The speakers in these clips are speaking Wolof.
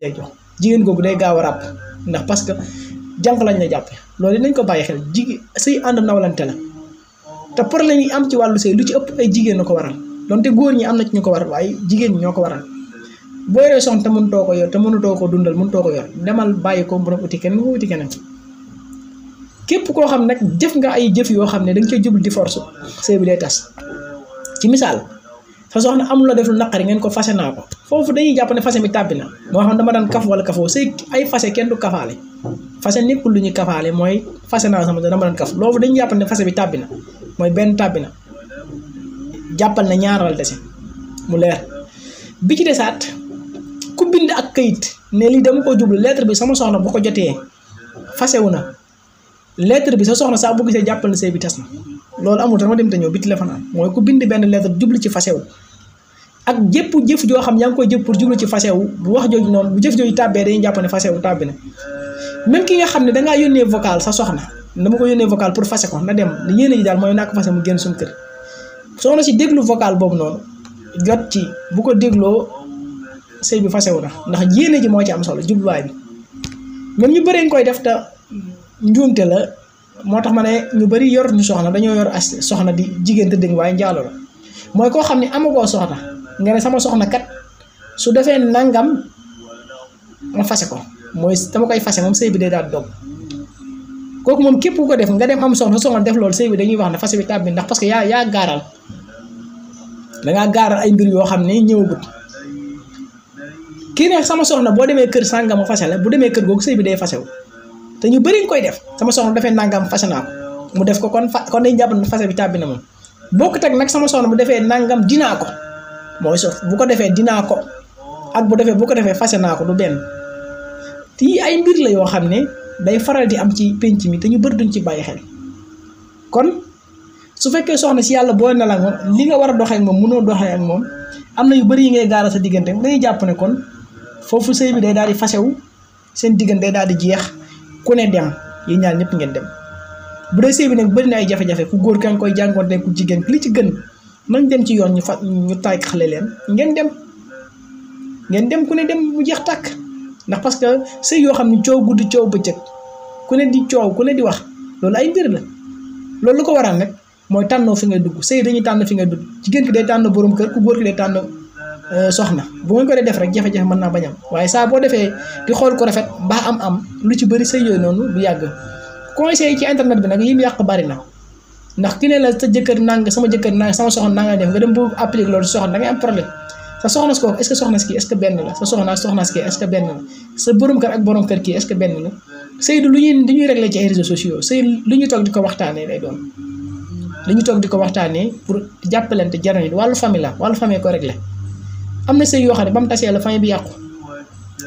day jox jigéen googu day gaaw a ràpp ndax parce que jànq lañ la jàppe loolu dinañ ko bàyyi xel jigéen sëy ànd nawlante la te problème yi am ci wàllu sëy lu ci ëpp ay jigéen na ko waral donte góor ñi am na ci ñu ko waral waaye jigéen ñoo ko waral boo yoree soxna te mënutoo ko yor te mënutoo ko dundal mënutoo ko yor demal bàyyi ko borom uti keneen nga uti keneen képp koo xam nag jëf nga ay jëf yoo xam ne dañ nga cee jublu di force sëy bi day tas ci misaal. sa soxna amul la def lu naqari ngeen ko fase naa ko foofu dañuy jàpp ne fase mi tàbbi na moo xam dama daan kaf wala kafoo sëy ay fase kenn du kafaale fase lu ñuy kafaale mooy fase naa sama dama daan kaf loolu dañuy jàpp ne fase bi tàbbi na mooy benn tàbbi na jàppal na ñaaral dese mu leer bi ci desaat ku bind ak kayit ne lii dama ko jublu lettre bi sama soxna bu ko jotee fasewu na lettre bi sa soxna saa bu gisee jàppal na sëy bi tas na loolu amul dama dem te ñëw bi téléphone mooy ko bind benn lettre jublu ci fasewu ak jëpp jëf joo xam yaa ngi koy jëpp pour jublu ci fasewu bu wax jooju noonu bu jëf jooju tàbbee dañuy jàpp ne fasewu tàbbi na même ki nga yónnee vocal sa soxna dama ko yónnee vocal pour fase ko na dem li yéene ji daal mooy naa si déglu vocal boobu noonu jot ci bu ko dégloo sëy bi fasewu la ndax yéene ji moo ci am solo jubluwaay bi même ñu bëree koy def ta njuumte la moo tax ma ne ñu bari yoruñu soxna dañoo yor as soxna di jigéen tëddëng waaye njaaloo la mooy koo xam ne amagoo soxna nga ne sama soxna kat su defee nangam ma fase ko mooy dama koy fase moom sëy bi day daal dog kooku moom képp ku ko def nga dem am soxna soxna def loolu sëy bi dañuy wax ne fase bi tàbb bi ndax parce que yaa yaa gaaral dangaa gaaral ay mbir yoo xam ne ñëwagut kii ne sama soxna boo demee kër sàngam mu fase la bu demee kër googu sëy bi day fasewu te ñu bari nga koy def sama soxna defee nangam fase naa ko mu def ko kon fa kon dañu jàpp ne fase bi tàbbi na moom bokkut ak nag sama soxna bu defee nangam dinaa ko mooy sof bu ko defee dinaa ko ak bu defee bu ko defee fase naa ko du benn te ay mbir la yoo xam ne day faral di am ci pénc mi te ñu bëri ci bàyyi kon su fekkee soxna si yàlla boo na la li nga war a doxee ak moom mënoo doxee ak moom am na yu bëri yi ngay gaara sa diggante dañuy jàpp ne kon foofu sëy bi day daal di fasewu seen diggante day daal di jeex. ku ne dem yéen ñaar ñëpp ngeen dem bu dee sëy bi nag bëri na ay jafe-jafe ku góor kan koy jàngoonte ku jigéen li ci gën nañ dem ci yoon ñu fa ñu taay xale leen ngeen dem ngeen dem ku ne dem mu jeex tàkk ndax parce que sëy yoo xam ne coow guddi coow bëccëg ku ne di coow ku ne di wax loolu ay mbir la loolu lu ko waraan nag mooy tànnoo fi ngay dugg sëy dañuy tànn fi ngay dugg jigéen ki day tànn borom kër ku góor ki day tànn Euh, soxna bu ngeen ko def rek jafe-jafe mën naa bañ am waaye saa boo defee di xool ko rafet ba am-am lu ci bëri sëy yooyu noonu du yàgg conseil ci internet bi nag yim mu yàq bari na ndax ki ne la sa jëkkër nang sama jëkkër nang sama soxna nanga def nga dem bu appliqué loolu soxna da ngay am problème sa soxna ko est ce que soxna si est ce que benn la sa soxna soxna si est ce que benn la sa borom kër ak borom kër ki est ce que benn la sëy lu ñuy lu ñuy réglé ci réseaux sociaux sëy lu ñuy toog di ko waxtaanee lay doon lu ñuy toog di ko waxtaanee pour jàppalante jarani wàllu famille la wàllu famille ko réglé am na sëy yoo xam ne ba mu tasee la fin bi yàqu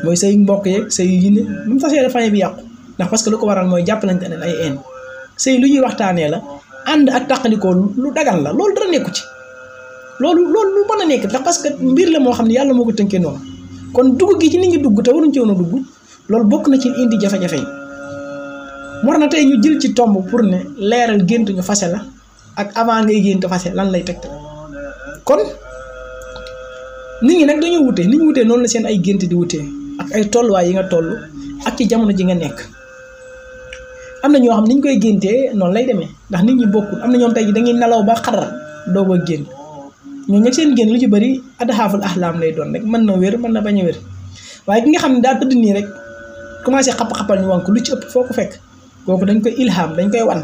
mooy sëy mbokk yeeg sëy yu yinde ba mu tasee la fin bi yàqu ndax parce que lu ko waral mooy jàppalante ne ay een sëy lu ñuy waxtaanee la ànd ak tàqalikoo lu dagan la loolu dara nekku ci loolu loolu mën a nekk ndax parce que mbir la moo xam ne yàlla moo ko tënkee noonu kon dugg gi ci nit ñi dugg te waruñ ci woon a dugg loolu bokk na ci indi jafe-jafe yi war na tey ñu jël ci tomb pour ne leeral gént ñu fase la ak avant ngay gént fase lan lay tegtal nit ñi nag dañoo wutee nit ñi wutee noonu la seen ay gént di wutee ak ay tolluwaay yi nga toll ak ci jamono ji nga nekk am na ñoo xam ni ñu koy géntee noonu lay demee ndax nit ñi bokkul am na ñoom tey ji nelaw ba xar doog a génn ñoo ñeg seen génn lu ci bëri adaxaaful axlaam lay doon rek mën na wér mën na bañ a wér waaye ki nga xam ne daa tëdd nii rek commencé xap xappal ñu wan lu ci ëpp foo ko fekk kooku dañ koy ilham dañ koy wan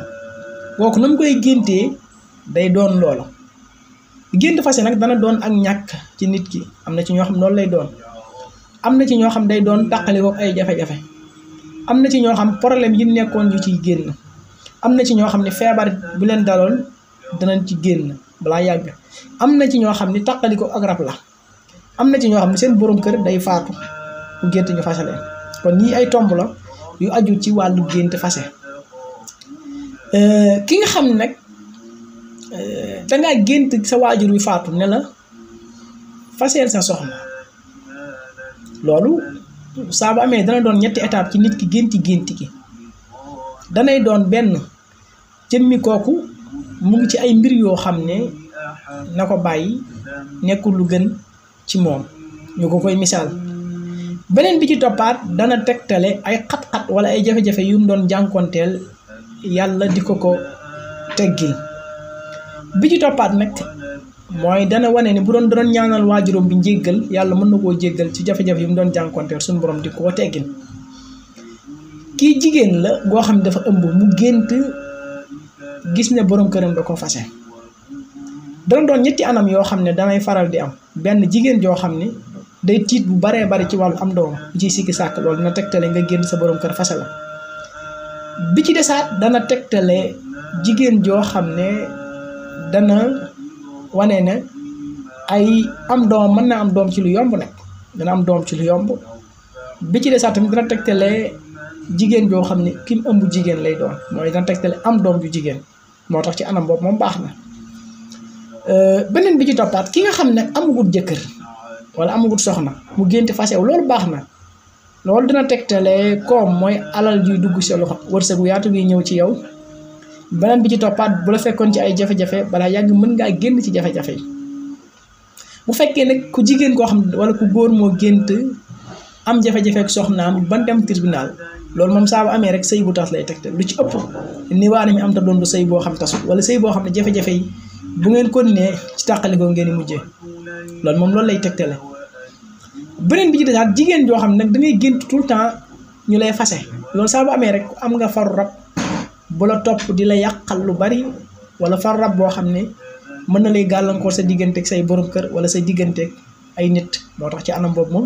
kooku na koy géntee day doon loola gént fase nag dana doon ak ñàkk ci nit ki am na ci ñoo xam noonu lay doon am na ci ñoo xam day doon tàqali ay jafe-jafe am na ci ñoo xam problème yi nekkoon yu ciy génn am na ci ñoo xam ne feebar bu leen daloon danañ ci génn balaa yàgg am na ci ñoo xam ne tàqali ko ak rab la am na ci ñoo xam ne seen borom kër day faatu bu gént ñu fase leen kon yii ay tomb la yu aju ci wàllu gént fase euh, ki nga xam nag nga gént sa waajur wi faatu ne la faseel sa soxna loolu saa bu amee dana doon ñetti étape ci nit ki génti gént gi danay doon benn jëmmi kooku mu ngi ci ay mbir yoo xam ne na ko bàyyi nekkul lu gën ci moom ñu ko koy misaal beneen bi ci toppaat dana tegtale ay xat-xat wala ay jafe-jafe yu mu doon jànkoonteel yàlla di ko ko teggil bi ci toppaat nag mooy dana wane ni bu doon doon ñaanal waajuram bi njéggal yàlla mën na koo jéggal ci jafe-jafe yi mu doon jànkonteel suñu borom di ko teggin kii jigéen la goo xam ne dafa ëmb mu gént gis ne boroom këram da ko fase dana doon ñetti anam yoo xam ne danay faral di am benn jigéen joo xam ne day tiit bu baree bari ci wàllu am doom bu ciy sikki sàkk loolu dina tegtale nga génn sa boroom kër fase la bi ci desaat dana tegtale jigéen joo xam ne dana wane ne ay am doom mën na am doom ci lu yomb nag dana am doom ci lu yomb bi ci de desaat tamit dana tegtalee jigéen joo xam ne ki mu ëmb jigéen lay doon mooy dana tegtale am doom ju jigéen moo tax ci anam boobu moom baax na euh, beneen bi ci toppaat ki nga xam ne amagut jëkkër wala amagut soxna mu génte fasew loolu baax na loolu dina tegtale koom mooy alal juy dugg sa loxo wërsëgu yaatu gi ñëw ci yow beneen bi ci toppaat bu la fekkoon ci ay jafe-jafe balaa yàgg mën ngaa génn ci jafe-jafe yi bu fekkee nag ku jigéen koo xam wala ku góor moo gént am jafe-jafe ak soxnaam ban dem tribunal loolu moom saa bu amee rek sëy bu tas lay tegte lu ci ëpp ni waa am ta doon bu boo xam tas wala sëy boo xam ne jafe-jafe yi bu ngeen ko ci tàqalikoo ngeen di mujjee loolu moom loolu lay tegtale beneen bi ci desaat jigéen joo xam ne nag da ngay gént ñu lay fase loolu saa bu amee rek am nga faru rab Bola top di la yakal lu bari wala far rab mana xam ne na lay gàllankoor sa digeentek say borom keur wala say digeentek ay nit motax ci anam mom moom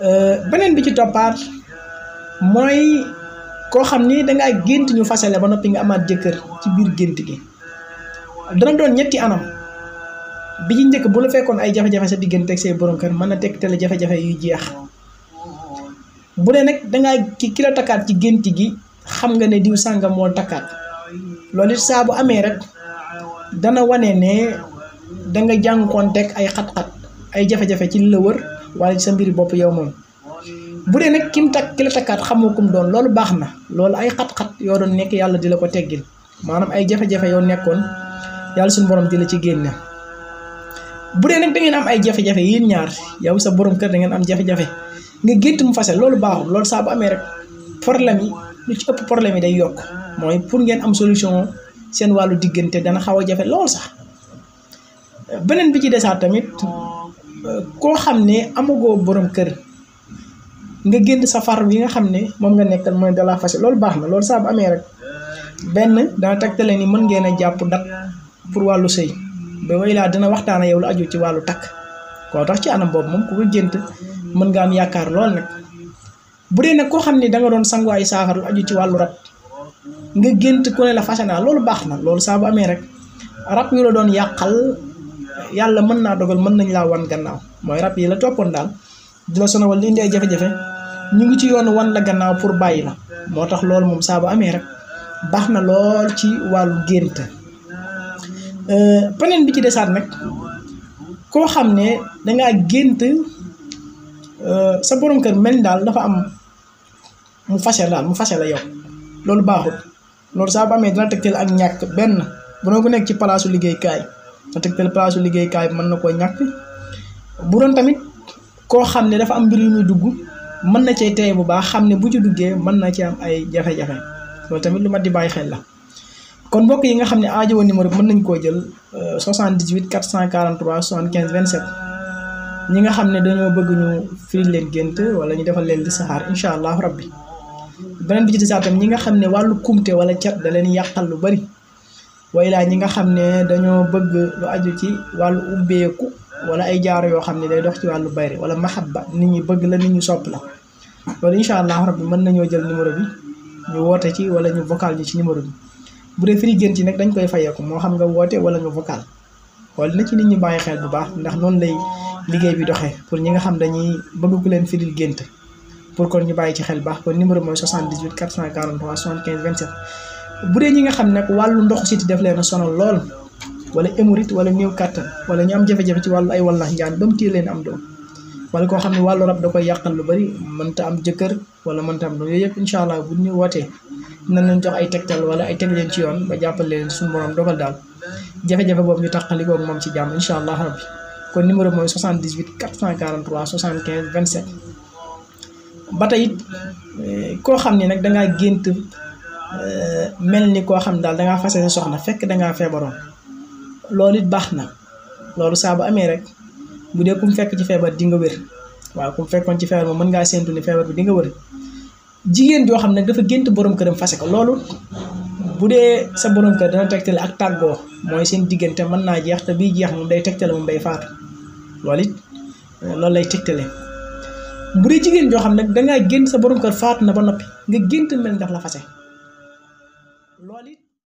euh benen bi ci topar moy ko xamni da nga gënt ñu fasale ba nopi nga amaat jëkkër ci biir gënt gi dana doon ñetti anam bi ci njëkk bu la fekkon ay jafé jafé sa digeentek say borom keur man na tele jafé jafé yu jeex bu dee nak da nga ki la takkat ci gënt gi xam nga ne diw sàngam moo takkaat loolu it saa bu amee rek dana wane ne danga jànkoonteeg ay xat-xat ay jafe-jafe ci li la wër wala ci sa mbiri bopp yow moom bu dee nag kim tak ki la takkaat xamoo kum doon loolu baax na loolu ay xat-xat yoo doon nekk yàlla di la ko teggil maanaam ay jafe-jafe yoo nekkoon yàlla suñu borom di la ci génne bu dee nag da ngeen am ay jafe-jafe yéen ñaar yow sa borom kër da ngeen am jafe-jafe nga gént mu fase loolu baaxul loolu saa bu amee rek problème lu ci ëpp problème yi day yokk mooy pour ngeen am solution seen wàllu diggante dana xaw a jafe lool sax beneen bi ci desaat tamit koo xam ne amagoo borom kër nga génn safar bi nga xam ne moom nga nekkal mooy de la fase loolu baax na loolu saa bu amee rek benn dana tegtale ni mën ngeen a jàpp dat pour wàllu sëy ba way laa dina waxtaan yow lu aju ci wàllu takk koo tax ci anam boobu moom ku ko gént mën nga am yaakaar lool nag bu dee nag koo xam ne danga doon sangu ay saafara lu aju ci wàllu rab nga gént ku ne la fase naa loolu baax na loolu saabu amee rek rab yu la doon yàqal yàlla mën naa dogal mën nañ laa wan gannaaw mooy rab yi la toppoon daal di la sonal wala li indi ay jafe-jafe ñu ngi ci yoon wan la gannaaw pour bàyyi la moo tax loolu moom saabu amee rek baax na lool ci wàllu gént peneen euh, bi ci desaat nag koo xam ne danga gént euh, sa borom kër mel daal dafa am. mu fase daal mu fase la yow loolu baaxul loolu sax ba amee dina tegtal ak ñàkk benn bu doon ko nekk ci palaasu liggéeykaay na tegtal palaasu liggéeykaay mën na koo ñàkk bu doon tamit koo xam ne dafa am mbir yu muy dugg mën na cee tey bu baax xam ne bu ci duggee mën na ci am ay jafe-jafe loolu tamit lu ma di bàyyi xel la kon mbokk yi nga xam ne aajowoo numéro bi mën nañ koo jël 78 443 vingt 27 ñi nga xam ne dañoo bëgg ñu firi leen gént wala ñu defal leen di saxaar incha allah rabbi benen bi ci desaat ñi nga xamne ne wàllu kumte wala cat da leen yaqal lu bari way la ñi nga xamne ne dañoo bëgg lu aju ci walu ubbeeku wala ay jaar yo xamne ne day dox ci walu bayri wala mahabba nit ñi bëgg la nit ñu sopp la wala inshallah allah rabbi mën nañu jël numéro bi ñu woote ci wala ñu vocal ñu ci numéro bi bu dé firi gën ci nak dañ koy fayeku mo xam nga woote wala nga vocal xool na ci nit ñi baye xel bu baax ndax non lay liggéey bi doxé pour ñi nga xam dañuy bëgg ku leen firil gënte pour kon ñu bàyyi ci xel baax kon numéro mooy 78 443 75 27. bu dee ñi nga xam nag wàllu ndoxu siti def leen a lool wala émorite wala néew kàttan wala ñu am jafe-jafe ci wàllu ay wallax njaan ba mu téye leen am doom wala koo xam ne wàllu rab da koy yàqal lu bari mënta am jëkkër wala mënta am doom yooyu yëpp incha allah bu ñu wootee nan leen jox ay tegtal wala ay teg leen ci yoon ba jàppal leen suñu borom dogal daal jafe-jafe boobu ñu tàqali ko moom ci jàmm incha allah rabbi kon numéro mooy 78 443 75 27 ba tey it eh, koo xam ne nag dangaa gént eh, mel ni koo xam ne da dangaa fase sa soxna fekk dangaa feebaroon loolu it baax na loolu saa bu amee rek bu dee ku mu fekk ci feebar di nga wér waaw ku mu fekkoon ci feebar moom mën ngaa séntu ni feebar bi di nga wér jigéen joo xam ne dafa gént borom këram fase ko loolu bu dee sa borom kër dana tegtal ak tàggoo mooy seen diggante mën naa jeex te bii jeex moom day tegtale moom day faatu loolu it eh, loolu lay tegtale bu dee jigéen joo xam nag dangaa génn sa borom kër faatu na ba noppi nga gént mel ni la fase loolu